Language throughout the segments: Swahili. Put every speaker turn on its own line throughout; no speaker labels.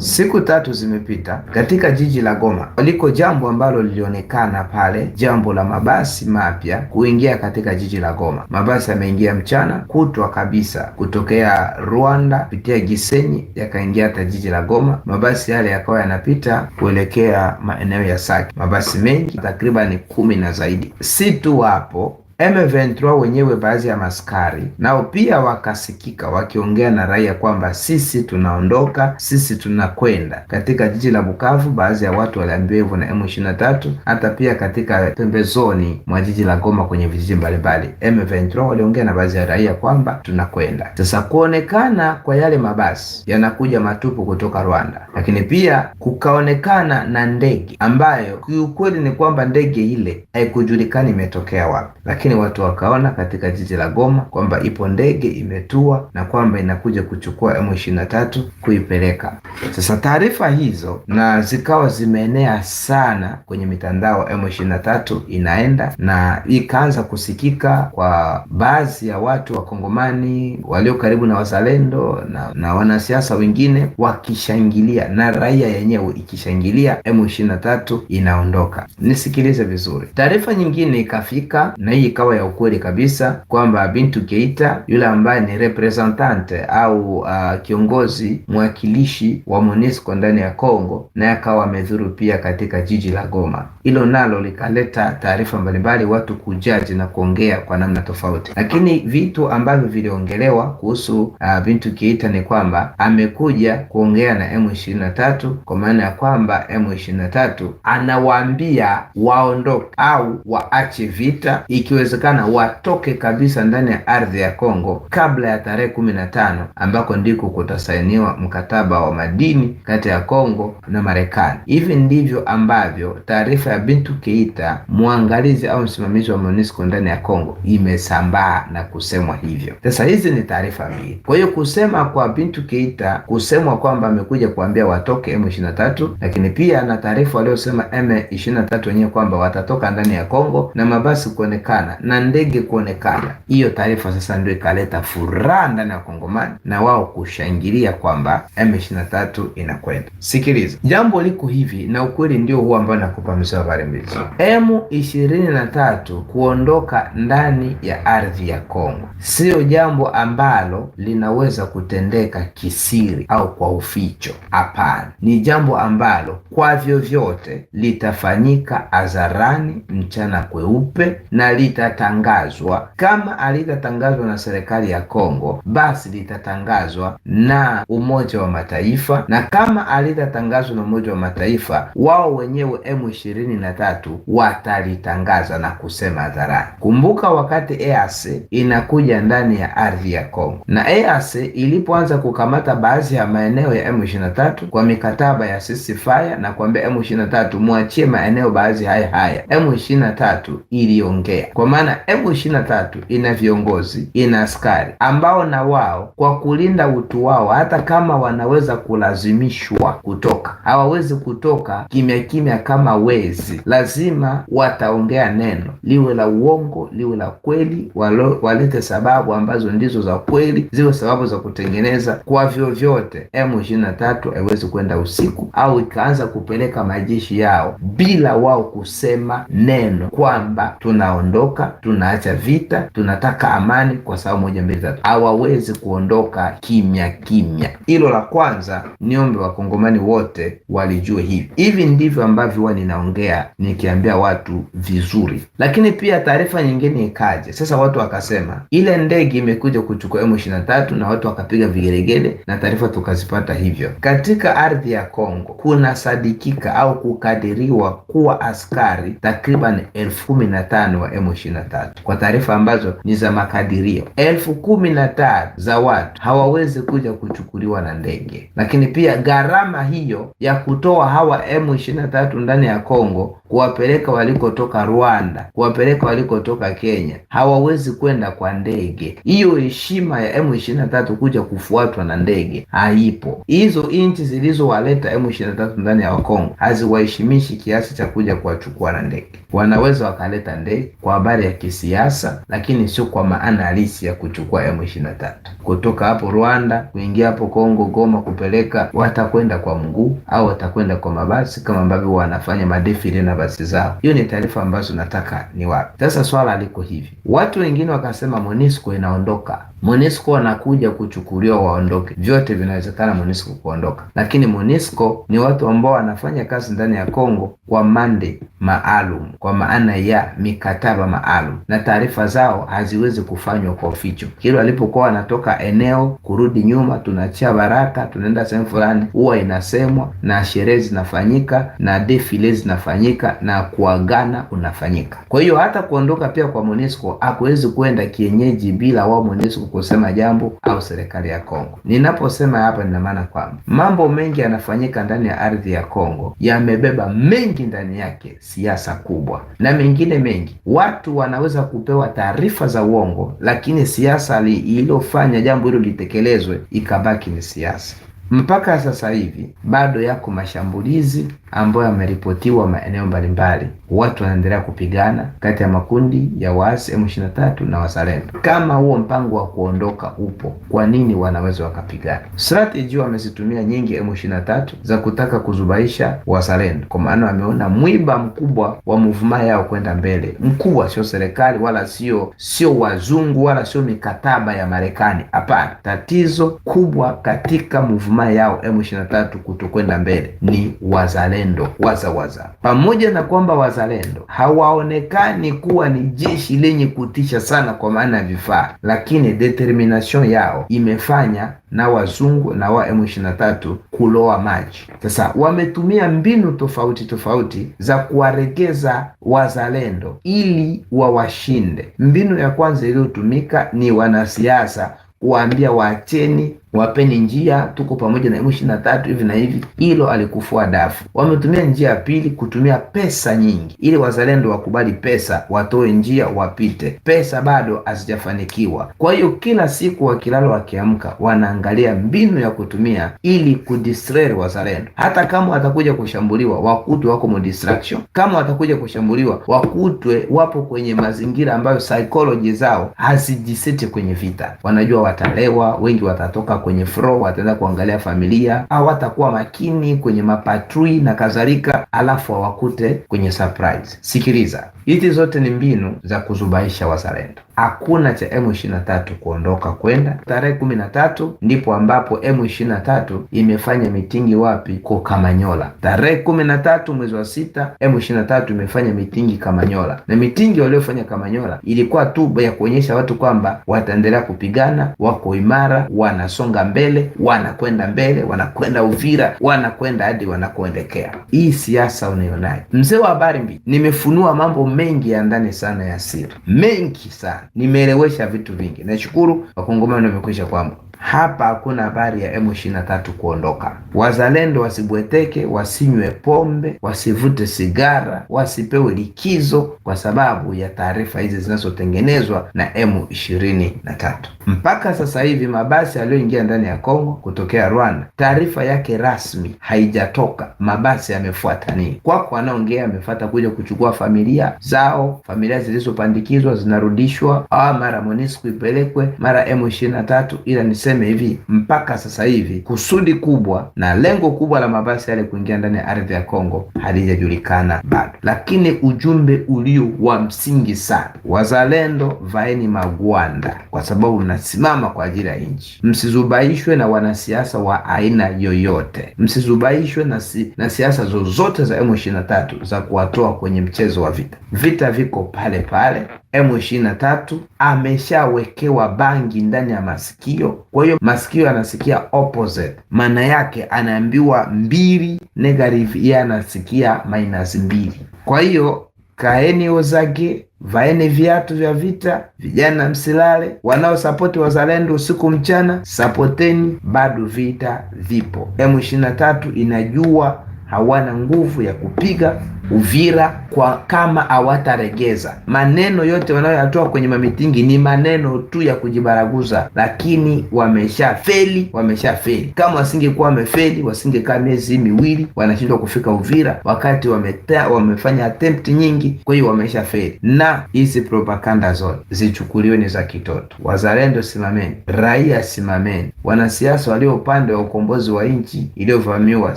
Siku tatu zimepita katika jiji la Goma, waliko jambo ambalo lilionekana pale, jambo la mabasi mapya kuingia katika jiji la Goma. Mabasi yameingia mchana kutwa kabisa, kutokea Rwanda kupitia Gisenyi yakaingia hata jiji la Goma. Mabasi yale yakawa yanapita kuelekea maeneo ya Sake, mabasi mengi takriban kumi na zaidi. Si tu hapo M23 wenyewe baadhi ya maskari nao pia wakasikika wakiongea na raia kwamba sisi tunaondoka, sisi tunakwenda katika jiji la Bukavu. Baadhi ya watu waliambiwa hivyo na M23, hata pia katika pembezoni mwa jiji la Goma kwenye vijiji mbalimbali, M23 waliongea na baadhi ya raia kwamba tunakwenda. Sasa kuonekana kwa yale mabasi yanakuja matupu kutoka Rwanda, lakini pia kukaonekana na ndege ambayo kiukweli ni kwamba ndege ile haikujulikani imetokea wapi, lakini lakini watu wakaona katika jiji la Goma kwamba ipo ndege imetua na kwamba inakuja kuchukua M23 kuipeleka. Sasa taarifa hizo na zikawa zimeenea sana kwenye mitandao, M23 inaenda na ikaanza kusikika kwa baadhi ya watu wakongomani walio karibu na wazalendo na, na wanasiasa wengine wakishangilia na raia yenyewe ikishangilia M23 inaondoka. Nisikilize vizuri, taarifa nyingine ikafika na hii ikawa ya ukweli kabisa kwamba Bintu Keita yule ambaye ni representante au uh, kiongozi mwakilishi wa MONUSCO ndani ya Kongo, naye akawa amedhuru pia katika jiji la Goma. Hilo nalo likaleta taarifa mbalimbali, watu kujaji na kuongea kwa namna tofauti, lakini vitu ambavyo viliongelewa kuhusu uh, Bintu Keita ni kwamba amekuja kuongea na M23 kwa maana ya kwamba M23 anawaambia waondoke au waache vita ikiwe inawezekana watoke kabisa ndani ya ardhi ya Kongo kabla ya tarehe kumi na tano ambako ndiko kutasainiwa mkataba wa madini kati ya Kongo na Marekani. Hivi ndivyo ambavyo taarifa ya Bintu Keita, mwangalizi au msimamizi wa MONUSCO ndani ya Kongo, imesambaa na kusemwa hivyo. Sasa hizi ni taarifa mbili. Kwa hiyo kusema kwa Bintu Keita, kusemwa kwamba amekuja kuambia watoke M23, lakini pia na taarifa waliosema M23 wenyewe kwamba watatoka ndani ya Kongo na mabasi kuonekana na ndege kuonekana. Hiyo taarifa sasa ndio ikaleta furaha ndani ya Kongomani na wao kushangilia kwamba M23 inakwenda. Sikiliza, jambo liko hivi na ukweli ndio huo ambao nakupa mzee habari mbili. M23 kuondoka ndani ya ardhi ya Kongo siyo jambo ambalo linaweza kutendeka kisiri au kwa uficho. Hapana, ni jambo ambalo kwa vyovyote litafanyika hadharani mchana kweupe na lita litatangazwa. Kama alitatangazwa na serikali ya Kongo, basi litatangazwa na Umoja wa Mataifa, na kama alitatangazwa na Umoja wa Mataifa, wao wenyewe M23 watalitangaza na kusema hadharani. Kumbuka wakati EAC inakuja ndani ya ardhi ya Kongo na EAC ilipoanza kukamata baadhi ya maeneo ya M23 kwa mikataba ya ceasefire na kuambia M23 mwachie maeneo baadhi haya haya, M23 iliongea kwa maana M23 ina viongozi, ina askari ambao na wao kwa kulinda utu wao, hata kama wanaweza kulazimishwa kutoka, hawawezi kutoka kimya kimya kama wezi, lazima wataongea neno, liwe la uongo, liwe la kweli, walo, walete sababu ambazo ndizo za kweli, ziwe sababu za kutengeneza. Kwa vyovyote M23 haiwezi kwenda usiku au ikaanza kupeleka majeshi yao bila wao kusema neno kwamba tunaondoka tunataka, tunaacha vita, tunataka amani kwa sababu moja mbili tatu. Hawawezi kuondoka kimya kimya. Hilo la kwanza, niombe wakongomani wote walijue hivi. Hivi ndivyo ambavyo huwa ninaongea nikiambia watu vizuri, lakini pia taarifa nyingine ikaje sasa, watu wakasema ile ndege imekuja kuchukua M23 na watu wakapiga vigelegele, na taarifa tukazipata hivyo. Katika ardhi ya Kongo kunasadikika au kukadiriwa kuwa askari takriban elfu kumi na tano wa M23 na tatu kwa taarifa ambazo ni za makadirio. Elfu kumi na tatu za watu hawawezi kuja kuchukuliwa na ndege, lakini pia gharama hiyo ya kutoa hawa M23 ndani ya Kongo kuwapeleka walikotoka Rwanda, kuwapeleka walikotoka Kenya, hawawezi kwenda kwa ndege. Hiyo heshima ya M23 kuja kufuatwa na ndege haipo. Hizo nchi zilizowaleta M23 ndani ya Wakongo haziwaheshimishi kiasi cha kuja kuwachukua na ndege. Wanaweza wakaleta ndege kwa habari ya kisiasa, lakini sio kwa maana halisi ya kuchukua M23 kutoka hapo Rwanda kuingia hapo Kongo Goma, kupeleka watakwenda kwa mguu au watakwenda kwa mabasi kama ambavyo wanafanya madefile na nafasi zao. Hiyo ni taarifa ambazo nataka ni wapi sasa. Swala liko hivi, watu wengine wakasema Monisco inaondoka, Monisco wanakuja kuchukuliwa waondoke. Vyote vinawezekana Monisco kuondoka, lakini Monisco ni watu ambao wanafanya kazi ndani ya Kongo kwa mande maalum, kwa maana ya mikataba maalum, na taarifa zao haziwezi kufanywa kwa uficho. Kila walipokuwa wanatoka eneo kurudi nyuma, tunachia baraka, tunaenda sehemu fulani, huwa inasemwa na sherehe zinafanyika na defile zinafanyika unafanyika na kuagana unafanyika. Kwa hiyo hata kuondoka pia kwa Monusco hakuwezi kuenda kienyeji bila wao Monusco kusema jambo au serikali ya Kongo. Ninaposema hapa, nina maana kwamba mambo mengi yanafanyika ndani ya ardhi ya Kongo yamebeba mengi ndani yake, siasa kubwa na mengine mengi. Watu wanaweza kupewa taarifa za uongo, lakini siasa iliyofanya jambo hilo litekelezwe ikabaki ni siasa. Mpaka sasa hivi bado yako mashambulizi ambayo yameripotiwa maeneo mbalimbali. Watu wanaendelea kupigana kati ya makundi ya waasi M23 na wazalendo. Kama huo mpango wa kuondoka upo, kwa nini wanaweza wakapigana? Strategy wamezitumia nyingi M23 za kutaka kuzubaisha wazalendo, kwa maana wameona mwiba mkubwa wa muvuma yao kwenda mbele mkubwa, sio serikali wala sio sio wazungu wala sio mikataba ya Marekani. Hapana, tatizo kubwa katika muvuma hatimaye yao M23 kutokwenda mbele ni wazalendo waza waza. Pamoja na kwamba wazalendo hawaonekani kuwa ni jeshi lenye kutisha sana kwa maana ya vifaa, lakini determination yao imefanya na wazungu na wa M23 kuloa maji. Sasa wametumia mbinu tofauti tofauti za kuwaregeza wazalendo ili wawashinde. Mbinu ya kwanza iliyotumika ni wanasiasa kuwaambia waacheni wapeni njia, tuko pamoja na ishirini hivi na hivi. Hilo alikufua dafu. Wametumia njia ya pili, kutumia pesa nyingi ili wazalendo wakubali pesa, watoe njia, wapite. Pesa bado hazijafanikiwa. Kwa hiyo kila siku wakilala, wakiamka, wanaangalia mbinu ya kutumia ili kudistract wazalendo. Hata kama watakuja kushambuliwa, wakutwe wako distraction. Kama watakuja kushambuliwa, wakutwe wapo kwenye mazingira ambayo psychology zao hazijiseti kwenye vita. Wanajua watalewa, wengi watatoka kwenye floor, wataenda kuangalia familia au watakuwa makini kwenye mapatri na kadhalika, alafu hawakute kwenye surprise. Sikiliza, hizi zote ni mbinu za kuzubaisha wazalendo hakuna cha M23 kuondoka kwenda. Tarehe kumi na tatu ndipo ambapo M23 imefanya mitingi wapi? Ko Kamanyola, tarehe kumi na tatu mwezi wa sita M23 imefanya mitingi Kamanyola, na mitingi waliofanya Kamanyola ilikuwa tu ya kuonyesha watu kwamba wataendelea kupigana, wako imara, wanasonga mbele, wanakwenda mbele, wanakwenda Uvira, wanakwenda hadi wanakoendekea. Hii siasa unayonayo, Mzee wa habari mbili, nimefunua mambo mengi ya ndani sana ya siri, mengi sana nimeelewesha vitu vingi. Nashukuru Wakongomani wamekwisha kuamka. Hapa hakuna habari ya M23 kuondoka. Wazalendo wasibweteke, wasinywe pombe, wasivute sigara, wasipewe likizo kwa sababu ya taarifa hizi zinazotengenezwa na M23. Mpaka sasa hivi mabasi yaliyoingia ndani ya Kongo kutokea Rwanda, taarifa yake rasmi haijatoka. Mabasi yamefuata nini? Kwako wanaongea amefuata kuja kuchukua familia zao, familia zilizopandikizwa zinarudishwa, mara MONUSCO ipelekwe, mara M23 ila ni niseme hivi, mpaka sasa hivi kusudi kubwa na lengo kubwa la mabasi yale kuingia ndani ya ardhi ya Kongo halijajulikana bado, lakini ujumbe ulio wa msingi sana, wazalendo, vaeni magwanda, kwa sababu mnasimama kwa ajili ya nchi. Msizubaishwe na wanasiasa wa aina yoyote, msizubaishwe na, si, na siasa zozote za M23 za kuwatoa kwenye mchezo wa vita. Vita viko pale pale M23 ameshawekewa bangi ndani ya masikio, kwa hiyo masikio anasikia opposite. Maana yake anaambiwa mbili negative, yeye anasikia minus mbili. Kwa hiyo kaeni ozage, vaeni viatu vya vita, vijana msilale, wanaosapoti wazalendo usiku mchana, sapoteni, bado vita vipo. M23 inajua hawana nguvu ya kupiga Uvira kwa kama hawataregeza maneno yote wanayoyatoa kwenye mamitingi ni maneno tu ya kujibaraguza, lakini wamesha feli, wamesha feli. Kama wasingekuwa wamefeli, wasingekaa miezi miwili wanashindwa kufika Uvira wakati wameta, wamefanya attempt nyingi. Kwa hiyo wamesha feli, na hizi propaganda zote zichukuliwe ni za kitoto. Wazalendo simameni, raia simameni, wanasiasa walio upande wa ukombozi wa nchi iliyovamiwa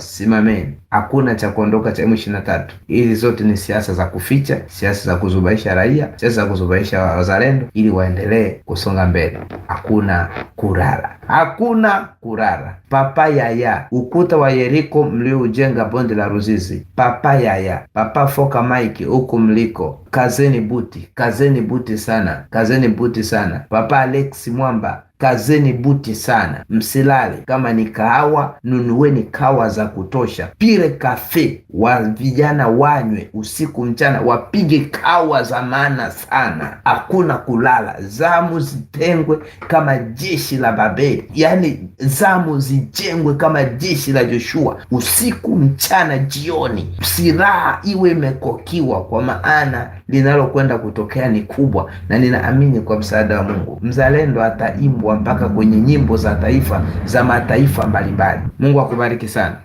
simameni. Hakuna cha kuondoka cha M23. Hizi zote ni siasa za kuficha, siasa za kuzubaisha raia, siasa za kuzubaisha wazalendo ili waendelee kusonga mbele. Hakuna kurara, hakuna kurara. Papa yaya, ukuta wa Yeriko mlioujenga bonde la Ruzizi, papa yaya, papa foka Mike huku mliko, kazeni buti, kazeni buti sana, kazeni buti sana. Papa Alex Mwamba Kazeni buti sana, msilale. Kama ni kahawa, nunueni kahawa za kutosha, pire kafe wa vijana wanywe usiku mchana, wapige kahawa za maana sana. Hakuna kulala, zamu zitengwe kama jeshi la Babeli, yaani zamu zijengwe kama jeshi la Joshua, usiku mchana, jioni, silaha iwe imekokiwa, kwa maana linalokwenda kutokea ni kubwa, na ninaamini kwa msaada wa Mungu mzalendo ataimbwa mpaka kwenye nyimbo za taifa za mataifa mbalimbali. Mungu akubariki sana.